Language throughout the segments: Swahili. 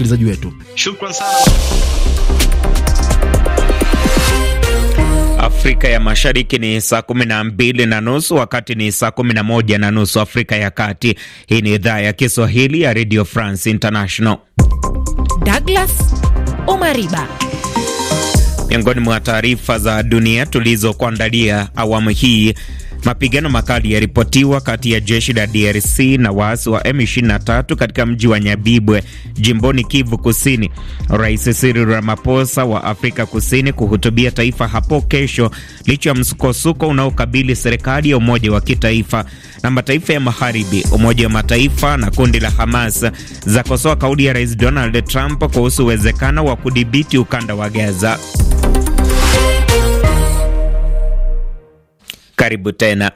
msikilizaji wetu. Shukran sana. Afrika ya Mashariki ni saa kumi na mbili na nusu wakati ni saa kumi na moja na nusu Afrika ya Kati. Hii ni idhaa ya Kiswahili ya Radio France International. Douglas Omariba, miongoni mwa taarifa za dunia tulizokuandalia awamu hii Mapigano makali yaripotiwa kati ya jeshi la DRC na waasi wa M23 katika mji wa Nyabibwe jimboni Kivu Kusini. Rais Cyril Ramaphosa wa Afrika Kusini kuhutubia taifa hapo kesho licha ya msukosuko unaokabili serikali ya umoja wa kitaifa. Na mataifa ya magharibi, Umoja wa Mataifa na kundi la Hamas zakosoa kauli ya Rais Donald Trump kuhusu uwezekano wa kudhibiti ukanda wa Gaza. Karibu tena.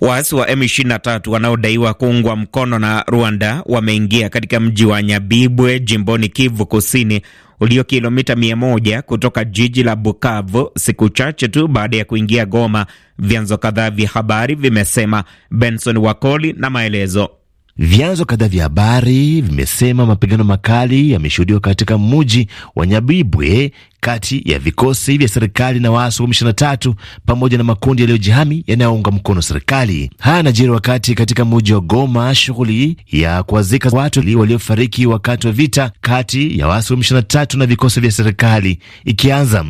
Waasi wa M23 wanaodaiwa kuungwa mkono na Rwanda wameingia katika mji wa Nyabibwe jimboni Kivu Kusini ulio kilomita mia moja kutoka jiji la Bukavu, siku chache tu baada ya kuingia Goma. Vyanzo kadhaa vya habari vimesema. Benson Wakoli na maelezo. Vyanzo kadhaa vya habari vimesema mapigano makali yameshuhudiwa katika mji wa Nyabibwe kati ya vikosi vya serikali na waasi wa M23 pamoja na makundi yaliyojihami yanayounga mkono serikali. Haya yanajiri wakati katika mji wa Goma shughuli ya kuwazika watu waliofariki wakati wa vita kati ya waasi wa M23 na vikosi vya serikali ikianza.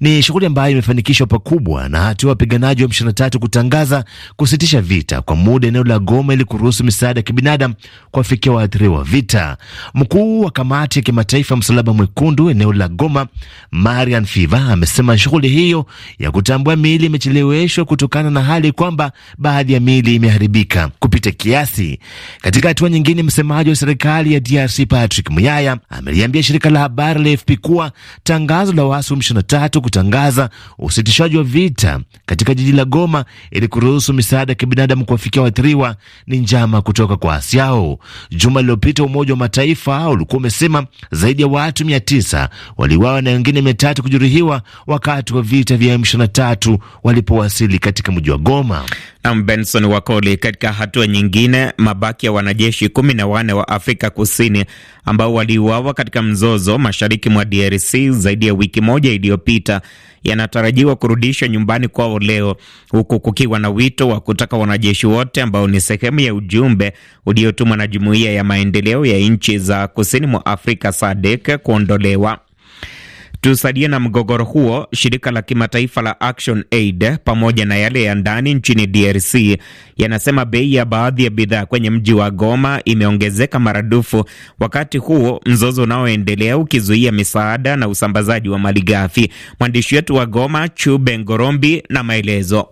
Ni shughuli ambayo imefanikishwa pakubwa na hatua wapiganaji wa M23 kutangaza kusitisha vita kwa muda eneo la Goma ili kuruhusu misaada ya kibinadamu kuwafikia waathiriwa wa vita. Mkuu wa kamati ya kimataifa msalaba mwekundu eneo la Goma Marian Fiva amesema shughuli hiyo ya kutambua miili imecheleweshwa kutokana na hali kwamba baadhi ya miili imeharibika kupita kiasi. Katika hatua nyingine, msemaji wa serikali ya DRC Patrick Muyaya ameliambia shirika la habari la AFP kuwa tangazo la waasi M23 kutangaza usitishaji wa vita katika jiji la Goma ili kuruhusu misaada ya kibinadamu kuwafikia waathiriwa ni njama kutoka kwa asi yao. Juma lililopita Umoja wa Mataifa ulikuwa umesema zaidi ya watu mia tisa waliuawa na wengine mingine mia tatu kujeruhiwa wakati wa vita vya M23 walipowasili katika mji wa Goma. Nam Benson Wakoli. Katika hatua nyingine, mabaki ya wanajeshi kumi na wanne wa Afrika Kusini ambao waliuawa katika mzozo mashariki mwa DRC zaidi ya wiki moja iliyopita yanatarajiwa kurudishwa nyumbani kwao leo, huku kukiwa na wito wa kutaka wanajeshi wote ambao ni sehemu ya ujumbe uliotumwa na Jumuiya ya Maendeleo ya Nchi za Kusini mwa Afrika SADC kuondolewa. Tusaidie na mgogoro huo, shirika la kimataifa la Action Aid pamoja na yale ya ndani nchini DRC yanasema bei ya baadhi ya bidhaa kwenye mji wa Goma imeongezeka maradufu, wakati huo mzozo unaoendelea ukizuia misaada na usambazaji wa malighafi. Mwandishi wetu wa Goma Chube Ngorombi na maelezo.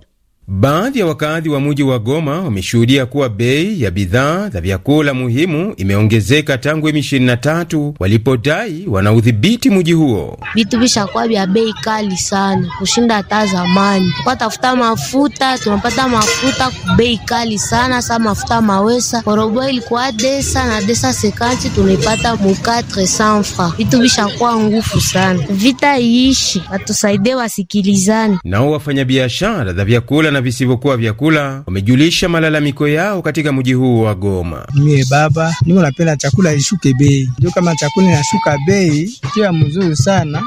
Baadhi ya wakazi wa mji wa Goma wameshuhudia kuwa bei ya bidhaa za vyakula muhimu imeongezeka tangu M23 walipodai wanaudhibiti mji huo. Vitu vishakuwa vya bei kali sana kushinda hata zamani. Kwa tafuta mafuta, tunapata mafuta bei kali sana, sa mafuta mawesa korobo ilikuwa desa na desa sekanti, tunaipata mukatre sanfra. Vitu vishakuwa ngufu sana, vita iishi, watusaidie wasikilizane. Nao wafanyabiashara za vyakula na visivyokuwa vyakula wamejulisha malalamiko yao katika mji huu wa Goma. Mie baba niko napenda chakula ishuke bei, ndio kama chakula inashuka bei kia mzuri sana,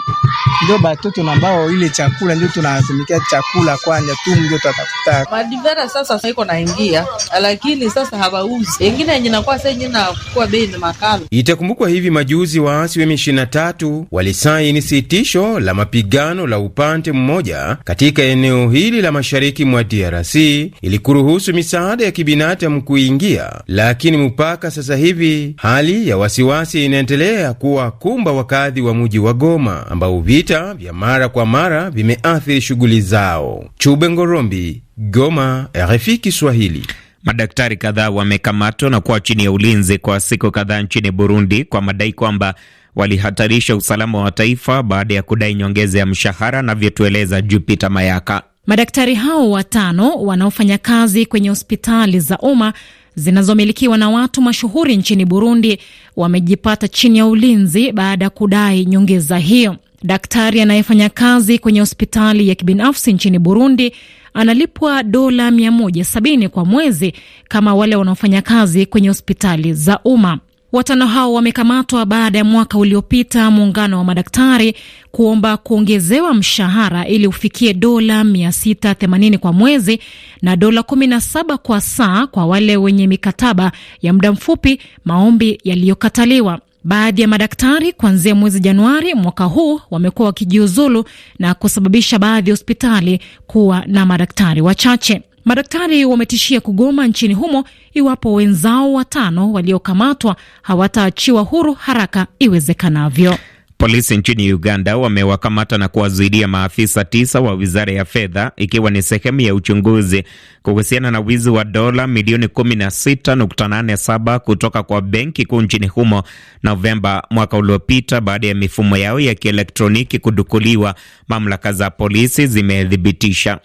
ndio batoto nambao ile chakula ndio tunatumikia chakula kwanja tu ndio tutafuta madivera. Sasa iko naingia, lakini sasa hawauzi wengine yenye nakuwa sasa yenye nakuwa bei ni makala. Itakumbukwa hivi majuzi waasi wa M23 walisaini sitisho la mapigano la upande mmoja katika eneo hili la mashariki mwa mwa DRC ili kuruhusu misaada ya kibinadamu kuingia, lakini mpaka sasa hivi hali ya wasiwasi inaendelea kuwa kumba wakadhi wa muji wa Goma ambao vita vya mara kwa mara vimeathiri shughuli zao. Chube Ngorombi, Goma, RFI Kiswahili. Madaktari kadhaa wamekamatwa na kuwa chini ya ulinzi kwa siku kadhaa nchini Burundi kwa madai kwamba walihatarisha usalama wa taifa baada ya kudai nyongeza ya mshahara, anavyotueleza Jupiter Mayaka. Madaktari hao watano wanaofanya kazi kwenye hospitali za umma zinazomilikiwa na watu mashuhuri nchini Burundi wamejipata chini ya ulinzi baada ya kudai nyongeza hiyo. Daktari anayefanya kazi kwenye hospitali ya kibinafsi nchini Burundi analipwa dola 170 kwa mwezi kama wale wanaofanya kazi kwenye hospitali za umma. Watano hao wamekamatwa baada ya mwaka uliopita muungano wa madaktari kuomba kuongezewa mshahara ili ufikie dola 680 kwa mwezi na dola 17 kwa saa kwa wale wenye mikataba ya muda mfupi, maombi yaliyokataliwa. Baadhi ya madaktari kuanzia mwezi Januari mwaka huu wamekuwa wakijiuzulu na kusababisha baadhi ya hospitali kuwa na madaktari wachache. Madaktari wametishia kugoma nchini humo iwapo wenzao watano waliokamatwa hawataachiwa huru haraka iwezekanavyo. Polisi nchini Uganda wamewakamata na kuwazuidia maafisa tisa wa wizara ya fedha ikiwa ni sehemu ya uchunguzi kuhusiana na wizi wa dola milioni 16.87 kutoka kwa benki kuu nchini humo Novemba mwaka uliopita, baada ya mifumo yao ya kielektroniki kudukuliwa, mamlaka za polisi zimethibitisha.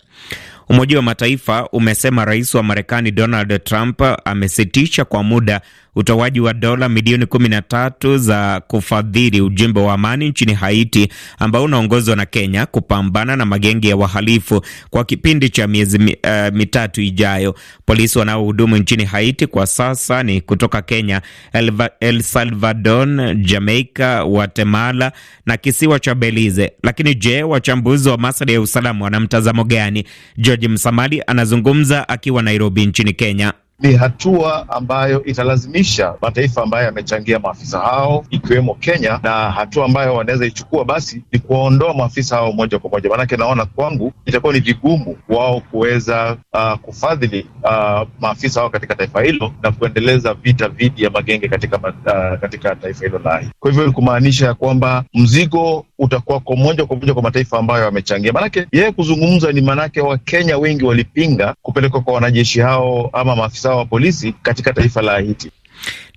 Umoja wa Mataifa umesema rais wa Marekani Donald Trump amesitisha kwa muda utoaji wa dola milioni 13 za kufadhili ujumbe wa amani nchini Haiti ambao unaongozwa na Kenya kupambana na magenge ya wahalifu kwa kipindi cha miezi uh, mitatu ijayo. Polisi wanaohudumu nchini Haiti kwa sasa ni kutoka Kenya, Elva, El Salvador, Jamaica, Guatemala na kisiwa cha Belize. Lakini je, wachambuzi wa masuala ya usalama wana mtazamo gani? George Msamali anazungumza akiwa Nairobi nchini Kenya ni hatua ambayo italazimisha mataifa ambayo yamechangia maafisa hao ikiwemo Kenya, na hatua ambayo wanaweza ichukua basi ni kuwaondoa maafisa hao moja kwa moja, maanake naona kwangu itakuwa ni vigumu wao kuweza uh, kufadhili uh, maafisa hao katika taifa hilo na kuendeleza vita dhidi ya magenge katika, uh, katika taifa hilo la. Kwa hivyo ni kumaanisha ya kwamba mzigo utakuwako moja kwa moja kwa mataifa ambayo yamechangia. Maanake yeye kuzungumza ni maanake Wakenya wengi walipinga kupelekwa kwa wanajeshi hao ama maafisa wa polisi katika taifa la Haiti.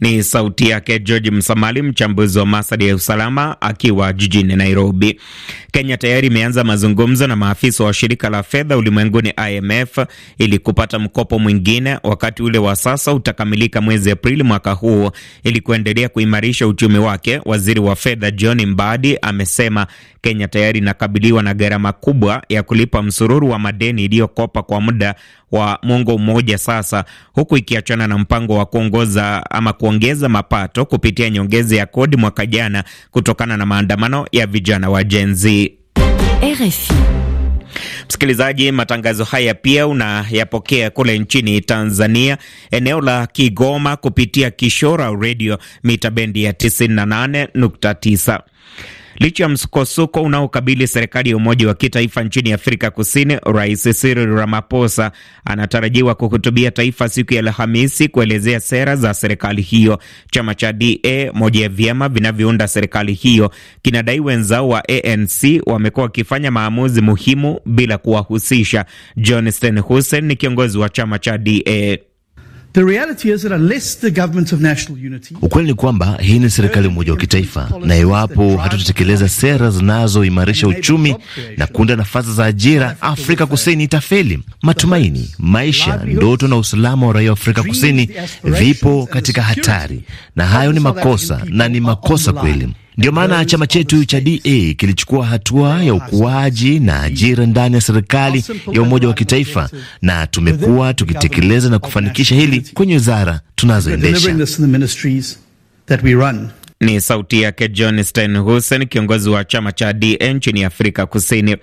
Ni sauti yake George Msamali, mchambuzi wa masuala ya usalama akiwa jijini Nairobi. Kenya tayari imeanza mazungumzo na maafisa wa shirika la fedha ulimwenguni IMF ili kupata mkopo mwingine, wakati ule wa sasa utakamilika mwezi Aprili mwaka huu, ili kuendelea kuimarisha uchumi wake. Waziri wa fedha John Mbadi amesema Kenya tayari inakabiliwa na gharama kubwa ya kulipa msururu wa madeni iliyokopa kwa muda wa mwongo mmoja sasa, huku ikiachana na mpango wa kuongoza ama ku kuongeza mapato kupitia nyongeza ya kodi mwaka jana kutokana na maandamano ya vijana wa Gen Z. RFI. Msikilizaji, matangazo haya pia unayapokea kule nchini Tanzania, eneo la Kigoma kupitia Kishora Radio mita bendi ya 98.9. Licha ya msukosuko unaokabili serikali ya umoja wa kitaifa nchini Afrika Kusini, Rais Cyril Ramaphosa anatarajiwa kuhutubia taifa siku ya Alhamisi kuelezea sera za serikali hiyo. Chama cha DA, moja ya vyama vinavyounda serikali hiyo, kinadai wenzao wa ANC wamekuwa wakifanya maamuzi muhimu bila kuwahusisha. John husen ni kiongozi wa chama cha DA. The reality is that unless the government of national unity, ukweli ni kwamba hii ni serikali umoja wa kitaifa, na iwapo hatutatekeleza sera zinazoimarisha uchumi na kuunda nafasi za ajira, Afrika Kusini itafeli. Matumaini, maisha, ndoto na usalama wa raia wa Afrika Kusini vipo katika hatari, na hayo ni makosa na ni makosa kweli ndio maana chama chetu cha DA kilichukua hatua ya ukuaji na ajira ndani ya serikali ya umoja wa kitaifa, na tumekuwa tukitekeleza na kufanikisha hili kwenye wizara tunazoendesha. Ni sauti yake John Steinhuisen, kiongozi wa chama cha DA nchini Afrika Kusini.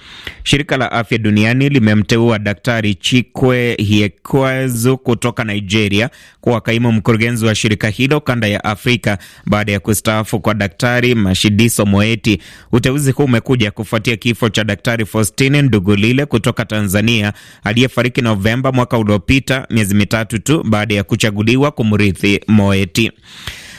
Shirika la Afya Duniani limemteua Daktari Chikwe Hiekwezu kutoka Nigeria kuwa kaimu mkurugenzi wa shirika hilo kanda ya Afrika baada ya kustaafu kwa Daktari Mashidiso Moeti. Uteuzi huu umekuja kufuatia kifo cha Daktari Faustine Ndugulile kutoka Tanzania aliyefariki Novemba mwaka uliopita, miezi mitatu tu baada ya kuchaguliwa kumrithi Moeti.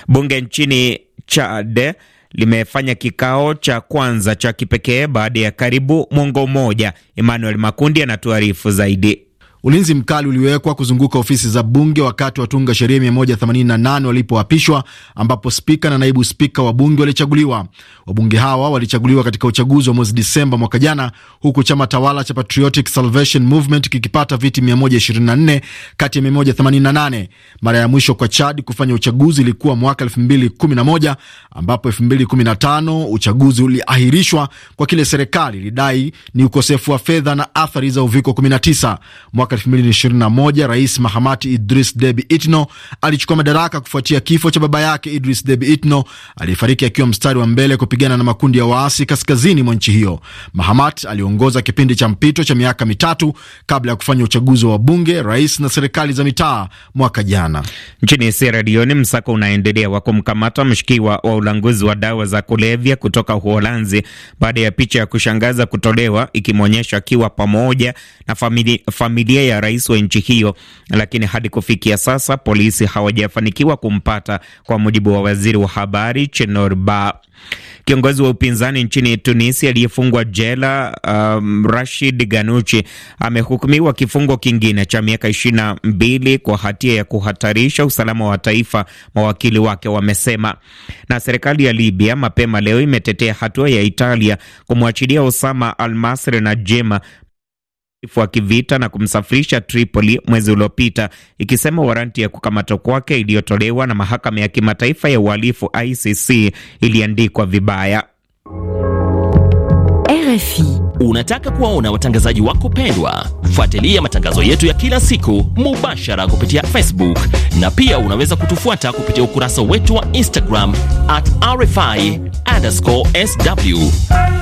Bunge nchini Chad limefanya kikao cha kwanza cha kipekee baada ya karibu mwongo mmoja. Emmanuel Makundi anatuarifu zaidi. Ulinzi mkali uliwekwa kuzunguka ofisi za bunge wakati watunga sheria 188 walipoapishwa, ambapo spika na naibu spika wa bunge walichaguliwa. Wabunge hawa walichaguliwa katika uchaguzi wa mwezi Disemba mwaka jana, huku chama tawala cha Patriotic Salvation Movement kikipata viti 124 kati ya 188. Mara ya mwisho kwa Chad kufanya uchaguzi ilikuwa mwaka 2011, ambapo 2015 uchaguzi uliahirishwa kwa kile serikali ilidai ni ukosefu wa fedha na athari za uviko 19. Mwaka mwaka 2021 Rais Mahamati Idris Debi Itno alichukua madaraka kufuatia kifo cha baba yake Idris Debi Itno aliyefariki akiwa mstari wa mbele kupigana na makundi ya waasi kaskazini mwa nchi hiyo. Mahamat aliongoza kipindi cha mpito cha miaka mitatu kabla ya kufanya uchaguzi wa bunge, rais na serikali za mitaa mwaka jana. Nchini Sierra Leone, msako unaendelea wa kumkamata mshukiwa wa ulanguzi wa dawa za kulevya kutoka Uholanzi baada ya picha ya kushangaza kutolewa ikimwonyesha akiwa pamoja na familia, familia ya rais wa nchi hiyo, lakini hadi kufikia sasa polisi hawajafanikiwa kumpata, kwa mujibu wa waziri wa habari Chenor Ba. Kiongozi wa upinzani nchini Tunisia aliyefungwa jela um, Rashid Ganuchi amehukumiwa kifungo kingine cha miaka ishirini na mbili kwa hatia ya kuhatarisha usalama wa taifa, mawakili wake wamesema. Na serikali ya Libya mapema leo imetetea hatua ya Italia kumwachilia Osama almasri na Jema, wa kivita na kumsafirisha Tripoli mwezi uliopita, ikisema waranti ya kukamatwa kwake iliyotolewa na mahakama ya kimataifa ya uhalifu ICC iliandikwa vibaya. RFI. Unataka kuwaona watangazaji wako pendwa? Fuatilia matangazo yetu ya kila siku mubashara kupitia Facebook na pia unaweza kutufuata kupitia ukurasa wetu wa Instagram at RFI_SW.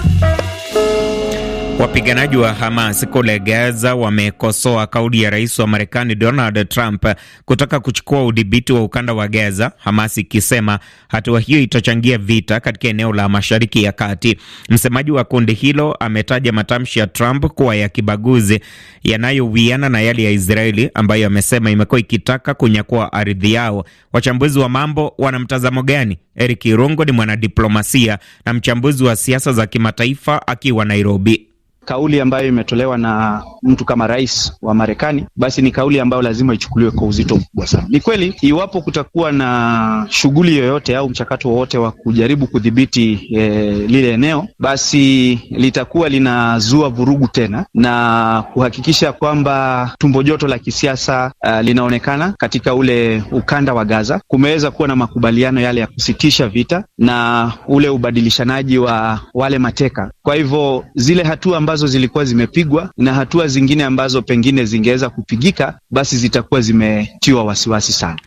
Wapiganaji wa Hamas kule Gaza wamekosoa kauli ya rais wa Marekani Donald Trump kutaka kuchukua udhibiti wa ukanda wa Gaza, Hamas ikisema hatua hiyo itachangia vita katika eneo la Mashariki ya Kati. Msemaji wa kundi hilo ametaja matamshi ya Trump kuwa ya kibaguzi yanayowiana na yale ya Israeli ambayo amesema imekuwa ikitaka kunyakua ardhi yao. Wachambuzi wa mambo wana mtazamo gani? Eric Irungo ni mwanadiplomasia na mchambuzi wa siasa za kimataifa akiwa Nairobi kauli ambayo imetolewa na mtu kama rais wa Marekani, basi ni kauli ambayo lazima ichukuliwe kwa uzito mkubwa sana. Ni kweli iwapo kutakuwa na shughuli yoyote au mchakato wowote wa kujaribu kudhibiti e, lile eneo, basi litakuwa linazua vurugu tena na kuhakikisha kwamba tumbo joto la kisiasa uh, linaonekana katika ule ukanda wa Gaza. Kumeweza kuwa na makubaliano yale ya kusitisha vita na ule ubadilishanaji wa wale mateka kwa hivyo zile hatua ambazo zilikuwa zimepigwa na hatua zingine ambazo pengine zingeweza kupigika, basi zitakuwa zimetiwa wasiwasi sana.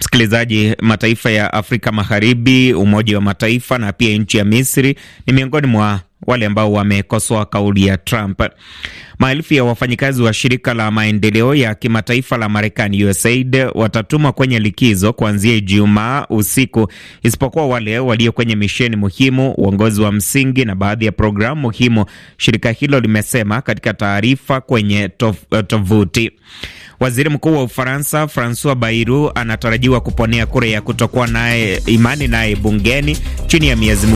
Msikilizaji, mataifa ya Afrika Magharibi, Umoja wa Mataifa na pia nchi ya Misri ni miongoni mwa wale ambao wamekosoa kauli ya Trump. Maelfu ya wafanyikazi wa shirika la maendeleo ya kimataifa la Marekani, USAID, watatumwa kwenye likizo kuanzia Ijumaa usiku, isipokuwa wale walio kwenye misheni muhimu, uongozi wa msingi na baadhi ya programu muhimu, shirika hilo limesema katika taarifa kwenye eh, tovuti. Waziri Mkuu wa Ufaransa Francois Bayrou anatarajiwa kuponea kura ya kutokuwa naye imani naye bungeni chini ya miezi